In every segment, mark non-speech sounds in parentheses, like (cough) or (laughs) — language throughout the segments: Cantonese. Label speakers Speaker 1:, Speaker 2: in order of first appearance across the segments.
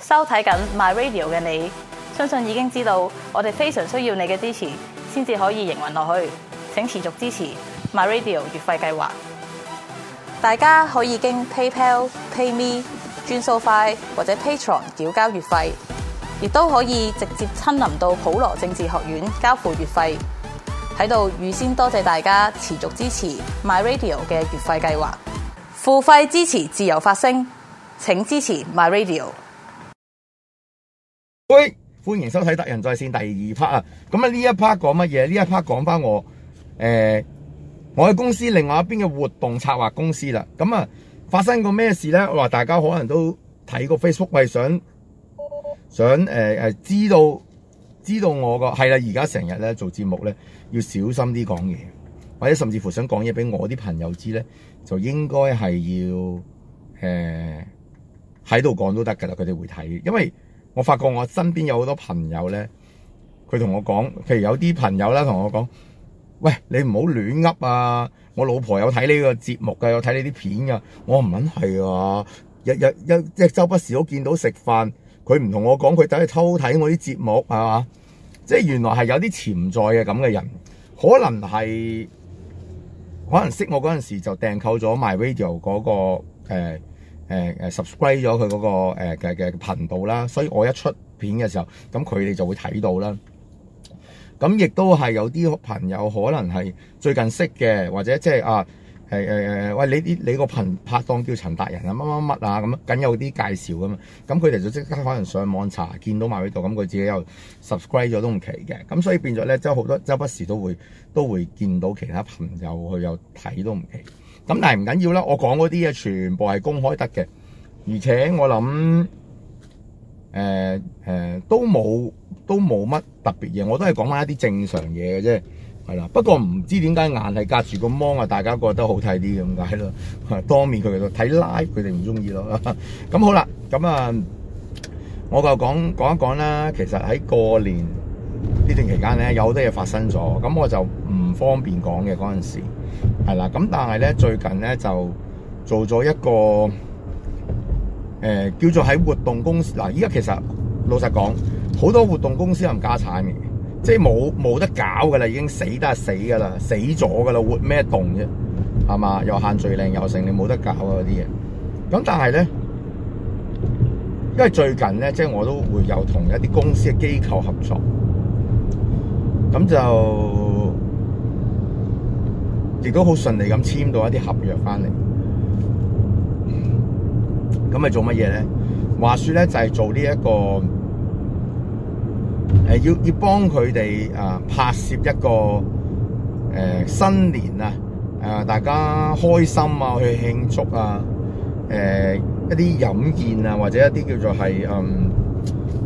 Speaker 1: 收睇緊 My Radio 嘅你，相信已經知道我哋非常需要你嘅支持，先至可以營運落去，請持續支持 My Radio 月費計劃。大家可以經 PayPal、PayMe、轉數快或者 Patreon 繳交月費，亦都可以直接親臨到普羅政治學院交付月費。喺度預先多謝大家持續支持 My Radio 嘅月費計劃，付費支持自由發聲，請支持 My Radio。喂，okay，歡迎收睇《達仁在線》第二 part 啊！咁啊，呢一 part 講乜嘢？呢一 part 講翻我誒，我喺公司另外一邊嘅活動策劃公司啦。咁、嗯、啊，發生過咩事咧？我話大家可能都睇過 Facebook，係想想誒誒、呃，知道知道我個係啦。而家成日咧做節目咧，要小心啲講嘢，或者甚至乎想講嘢俾我啲朋友知咧，就應該係要誒喺度講都得噶啦。佢、呃、哋會睇，因為。我發覺我身邊有好多朋友咧，佢同我講，譬如有啲朋友啦，同我講：喂，你唔好亂噏啊！我老婆有睇呢個節目噶，有睇呢啲片噶。我唔係啊，日日一即周不時都見到食飯，佢唔同我講，佢等佢偷睇我啲節目，係嘛？即係原來係有啲潛在嘅咁嘅人，可能係可能識我嗰陣時就訂購咗 my video 嗰個誒。誒誒 subscribe 咗佢嗰個嘅嘅頻道啦，所以我一出片嘅時候，咁佢哋就會睇到啦。咁亦都係有啲朋友可能係最近識嘅，或者即係啊誒誒誒，餵，你啲你個朋拍檔叫陳達仁啊乜乜乜啊咁，梗有啲介紹噶嘛，咁佢哋就即刻可能上網查見到埋呢度。咁佢自己又 subscribe 咗都唔奇嘅，咁所以變咗咧，即係好多周不時都會都會見到其他朋友去又睇都唔奇。咁但係唔緊要啦，我講嗰啲嘢全部係公開得嘅，而且我諗誒誒都冇都冇乜特別嘢，我都係講翻一啲正常嘢嘅啫，係啦。不過唔知點解硬係隔住個芒啊，大家覺得好睇啲咁解咯。 (laughs) 當面佢哋都睇 live，佢哋唔中意咯。咁 (laughs) 好啦，咁啊，我就講講一講啦。其實喺過年呢段期間咧，有好多嘢發生咗，咁我就唔方便講嘅嗰陣時。係啦，咁但係咧最近咧就做咗一個誒、呃，叫做喺活動公司嗱。依家其實老實講，好多活動公司冧家產嘅，即係冇冇得搞噶啦，已經死得死噶啦，死咗噶啦，活咩動啫？係嘛，又限聚令又成，你冇得搞啊啲嘢。咁但係咧，因為最近咧，即係我都會有同一啲公司嘅機構合作，咁就。亦都好順利咁簽到一啲合約翻嚟，咁、嗯、係做乜嘢咧？話説咧、這個，就係做呢一個誒，要要幫佢哋啊拍攝一個誒、呃、新年啊，誒、呃、大家開心啊，去慶祝啊，誒、呃、一啲飲宴啊，或者一啲叫做係嗯、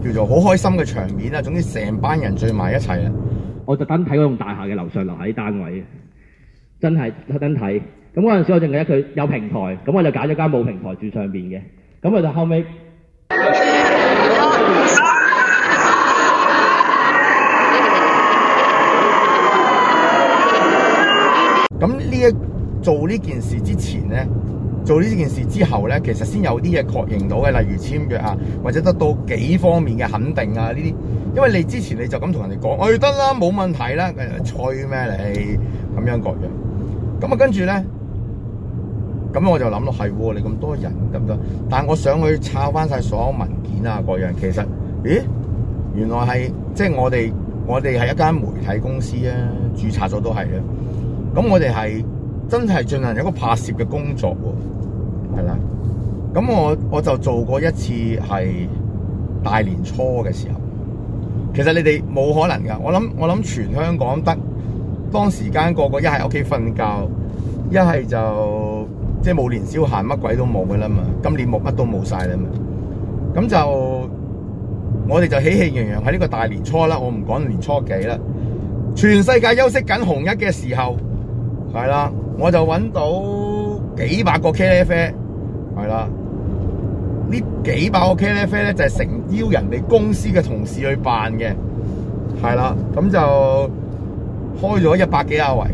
Speaker 1: 呃、叫做好開心嘅場面啊，總之成班人聚埋一齊啊！我特登睇嗰棟大廈嘅樓上樓下啲單位。真係特登睇，咁嗰陣時我凈係記得佢有平台，咁我就揀咗間冇平台住上邊嘅。咁佢就後尾，咁呢一做呢件事之前咧，做呢件事之後咧，其實先有啲嘢確認到嘅，例如簽約啊，或者得到幾方面嘅肯定啊呢啲。因為你之前你就咁同人哋講，誒得啦，冇問題啦，吹咩你咁樣各樣。咁啊，跟住咧，咁我就諗到係喎，你咁多人咁多，但係我上去抄翻晒所有文件啊，各樣，其實，咦，原來係即係我哋，我哋係一間媒體公司啊，註冊咗都係啊，咁我哋係真係進行一個拍攝嘅工作喎，係啦，咁我我就做過一次係大年初嘅時候，其實你哋冇可能㗎，我諗我諗全香港得。當時間個個一係屋企瞓覺，一係就即係冇年宵行，乜鬼都冇噶啦嘛。今年冇乜都冇晒啦嘛。咁就我哋就喜氣洋洋喺呢個大年初啦，我唔講年初幾啦。全世界休息緊紅一嘅時候，係啦，我就搵到幾百個 k l f，係啦。呢幾百個 k l f 咧就係成邀人哋公司嘅同事去辦嘅，係啦，咁就。開咗一百幾廿圍，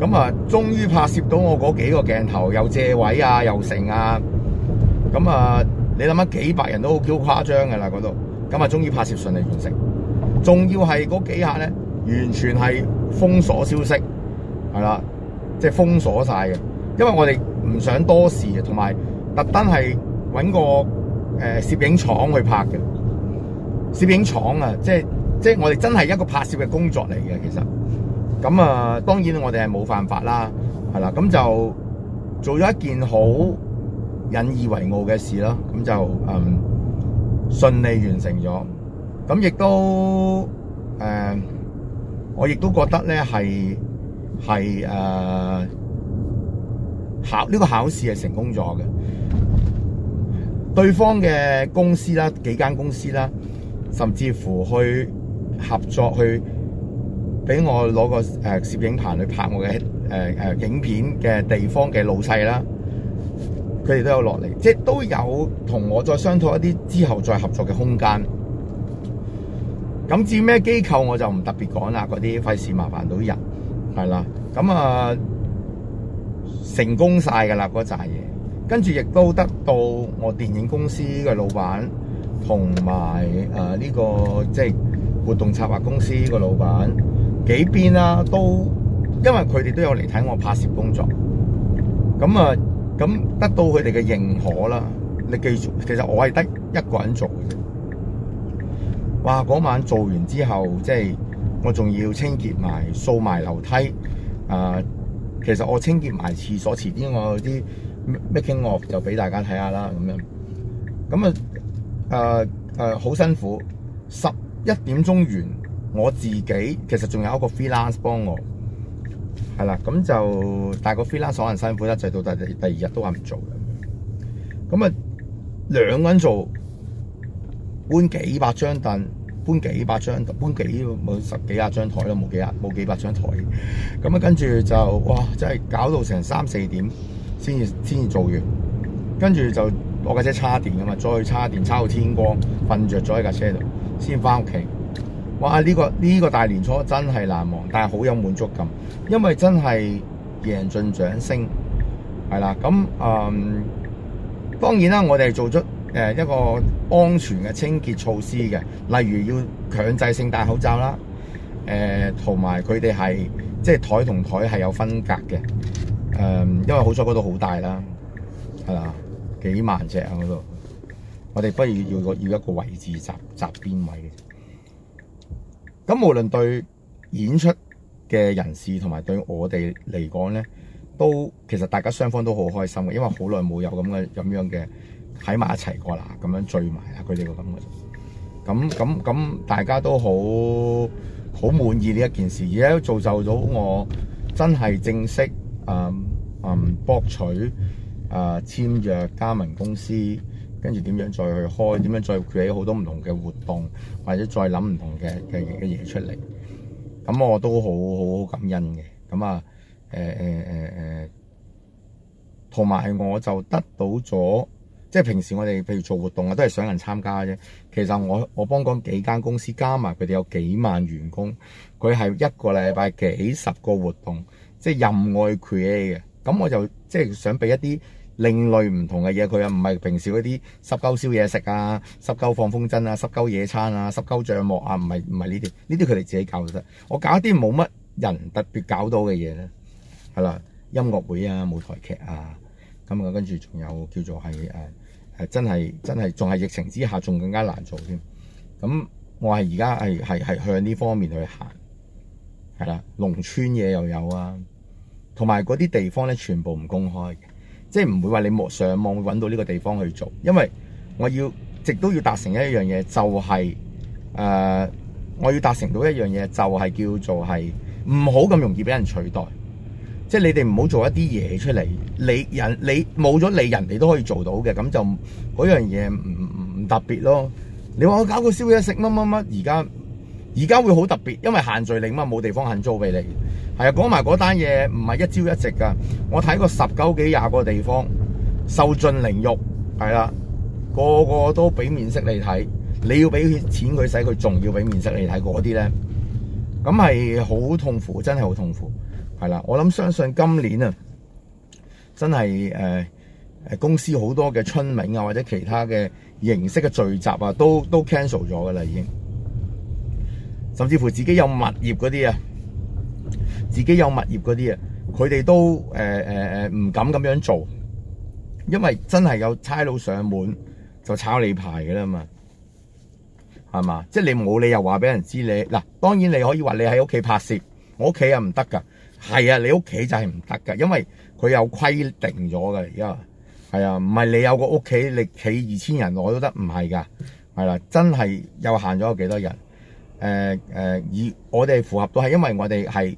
Speaker 1: 咁啊，終於拍攝到我嗰幾個鏡頭，又借位啊，又成啊，咁啊，你諗下幾百人都好 Q 誇張噶啦嗰度，咁啊，終於拍攝順利完成，仲要係嗰幾下咧，完全係封鎖消息，係啦，即係封鎖晒嘅，因為我哋唔想多事啊，同埋特登係搵個誒、呃、攝影廠去拍嘅，攝影廠啊，即係。即係我哋真係一個拍攝嘅工作嚟嘅，其實咁啊，當然我哋係冇犯法啦，係啦，咁就做咗一件好引以為傲嘅事咯，咁就嗯順利完成咗，咁亦都誒，我亦都覺得咧係係誒考呢個考試係成功咗嘅，對方嘅公司啦，幾間公司啦，甚至乎去。合作去俾我攞個誒攝影棚去拍我嘅誒誒影片嘅地方嘅老細啦，佢哋都有落嚟，即係都有同我再商討一啲之後再合作嘅空間。咁至於咩機構，我就唔特別講啦，嗰啲費事麻煩到人係啦。咁啊，成功晒噶啦嗰扎嘢，跟住亦都得到我電影公司嘅老闆同埋誒呢個即係。活動策劃公司個老闆幾邊啦，都因為佢哋都有嚟睇我拍攝工作，咁啊，咁得到佢哋嘅認可啦。你記住，其實我係得一個人做嘅啫。哇！嗰晚做完之後，即係我仲要清潔埋、掃埋樓梯啊、呃。其實我清潔埋廁所，遲啲我啲 making of 就俾大家睇下啦。咁樣咁啊，誒、呃、誒，好、呃、辛苦濕。一點鐘完，我自己其實仲有一個 freelance 幫我，係啦，咁就但係個 freelance 好難辛苦，一直到第第二日都話唔做啦。咁啊，兩個人做搬幾百張凳，搬幾百張，搬幾冇十幾廿張台啦，冇幾廿，冇幾百張台。咁啊，跟住就哇，真係搞到成三四點先至先至做完，跟住就我架車叉電噶嘛，再叉電叉到天光，瞓着咗喺架車度。先翻屋企，哇！呢、這個呢、這個大年初真係難忘，但係好有滿足感，因為真係贏盡掌聲，係啦。咁啊、嗯，當然啦，我哋做咗誒、呃、一個安全嘅清潔措施嘅，例如要強制性戴口罩啦，誒同埋佢哋係即係台同台係有分隔嘅，誒、呃、因為好彩嗰度好大啦，係啦，幾萬隻啊嗰度。我哋不如要個要一個位置集，集集邊位嘅。咁無論對演出嘅人士同埋對我哋嚟講咧，都其實大家雙方都好開心嘅，因為好耐冇有咁嘅咁樣嘅喺埋一齊過啦，咁樣聚埋啊，佢哋個感覺。咁咁咁，大家都好好滿意呢一件事，而家都造就到我真係正式啊啊，博取啊、呃、簽約加盟公司。跟住點樣再去開？點樣再 create 好多唔同嘅活動，或者再諗唔同嘅嘅嘅嘢出嚟？咁我都好好感恩嘅。咁啊，誒誒誒誒，同、呃、埋、呃、我就得到咗，即係平時我哋譬如做活動，我都係想人參加啫。其實我我幫嗰幾間公司加埋佢哋有幾萬員工，佢係一個禮拜幾十個活動，即係任愛 create 嘅。咁我就即係想俾一啲。另類唔同嘅嘢，佢又唔係平時嗰啲濕鳩燒嘢食啊、濕鳩放風箏啊、濕鳩野餐啊、濕鳩帳幕啊，唔係唔係呢啲，呢啲佢哋自己搞得得。我搞一啲冇乜人特別搞到嘅嘢咧，係啦，音樂會啊、舞台劇啊，咁啊跟住仲有叫做係誒誒真係真係仲係疫情之下仲更加難做添。咁我係而家係係係向呢方面去行，係啦，農村嘢又有啊，同埋嗰啲地方咧全部唔公開嘅。即係唔會話你莫上網揾到呢個地方去做，因為我要直都要達成一樣嘢，就係，就係誒，我要達成到一樣嘢，就係叫做係唔好咁容易俾人取代。即係你哋唔好做一啲嘢出嚟，你人你冇咗你人，你，你，你人哋都可以做到嘅，咁就嗰樣嘢唔唔特別咯。你話我搞個宵夜食乜乜乜，而家而家會好特別，因為限聚令嘛，冇地方肯租俾你。係啊，講埋嗰單嘢唔係一朝一夕噶，我睇過十九幾廿個地方，受盡凌辱。係啦，個個都俾面色你睇，你要俾錢佢使，佢仲要俾面色你睇，嗰啲咧，咁係好痛苦，真係好痛苦，係啦，我諗相信今年啊，真係誒誒，公司好多嘅春茗啊，或者其他嘅形式嘅聚集啊，都都 cancel 咗噶啦，已經，甚至乎自己有物業嗰啲啊。自己有物業嗰啲啊，佢哋都誒誒誒唔敢咁樣做，因為真係有差佬上門就抄你牌噶啦嘛，係嘛？即係你冇理由話俾人知你嗱。當然你可以話你喺屋企拍攝，我屋企又唔得㗎，係啊，你屋企就係唔得㗎，因為佢有規定咗嘅。而家，係啊，唔係你有個屋企你企二千人我都得，唔係㗎，係啦，真係又限咗幾多人？誒、呃、誒、呃，以我哋符合到係，因為我哋係。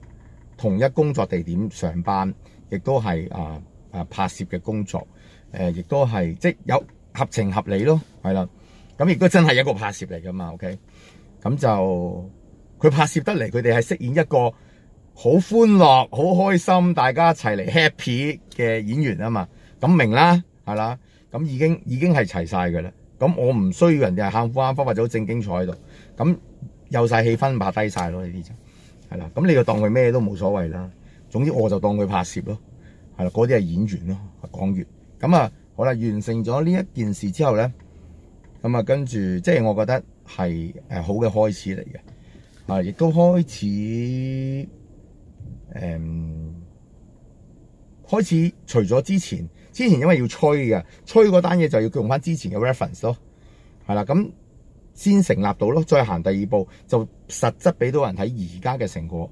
Speaker 1: 同一工作地點上班，亦都係啊啊拍攝嘅工作，誒、呃、亦都係即有合情合理咯，係啦。咁亦都真係一個拍攝嚟噶嘛，OK？咁就佢拍攝得嚟，佢哋係飾演一個好歡樂、好開心，大家一齊嚟 happy 嘅演員啊嘛。咁明啦，係啦。咁已經已經係齊晒㗎啦。咁我唔需要人哋係喊苦喊忽或者好正經坐喺度。咁有晒氣氛，拍低晒咯，呢啲就。係啦，咁你就當佢咩都冇所謂啦。總之我就當佢拍攝咯，係啦，嗰啲係演員咯，講完。咁啊，好啦，完成咗呢一件事之後咧，咁啊，跟住即係我覺得係誒好嘅開始嚟嘅。啊，亦都開始誒、嗯，開始除咗之前，之前因為要吹嘅，吹嗰單嘢就要用翻之前嘅 reference 咯。係啦，咁。先成立到咯，再行第二步就實質俾到人睇而家嘅成果，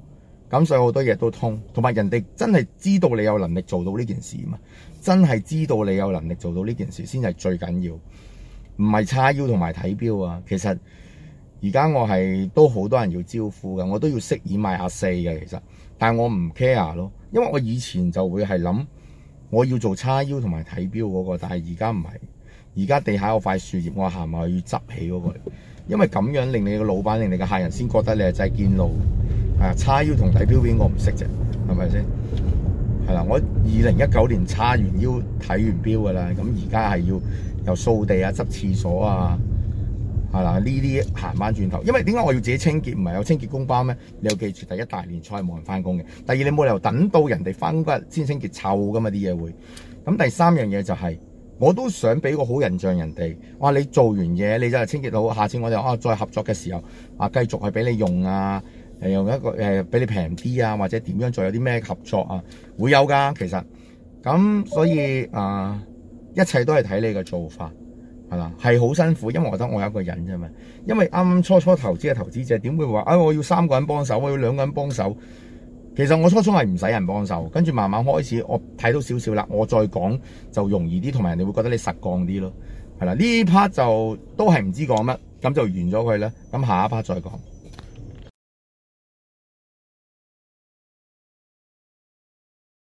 Speaker 1: 咁所以好多嘢都通，同埋人哋真係知道你有能力做到呢件事嘛，真係知道你有能力做到呢件事先係最緊要，唔係叉腰同埋睇錶啊！其實而家我係都好多人要招呼嘅，我都要飾演埋阿四嘅，其實，但係我唔 care 咯，因為我以前就會係諗我要做叉腰同埋睇錶嗰個，但係而家唔係。而家地下有塊樹葉，我行埋去要執起嗰、那個，因為咁樣令你個老闆、令你個客人先覺得你係真係見路，誒叉腰同睇錶表，我唔識啫，係咪先？係啦，我二零一九年叉完腰睇完表噶啦，咁而家係要由掃地啊、執廁所啊，係啦，呢啲行翻轉頭，因為點解我要自己清潔？唔係有清潔工包咩？你要記住，第一大年菜冇人翻工嘅，第二你冇理由等到人哋翻工先清潔，臭噶嘛啲嘢會，咁第三樣嘢就係、是。我都想俾個好印象人哋，哇！你做完嘢你就係清潔到下次我哋啊再合作嘅時候啊，繼續係俾你用啊，誒用一個誒俾你平啲啊，或者點樣再有啲咩合作啊，會有㗎其實，咁所以啊，一切都係睇你嘅做法，係啦，係好辛苦，因為我覺得我有一個人啫嘛，因為啱啱初初投資嘅投資者點會話啊、哎，我要三個人幫手，我要兩個人幫手。其實我初初係唔使人幫手，跟住慢慢開始我睇到少少啦，我再講就容易啲，同埋人哋會覺得你實降啲咯，係啦，呢 part 就都係唔知講乜，咁就完咗佢啦，咁下一 part 再講。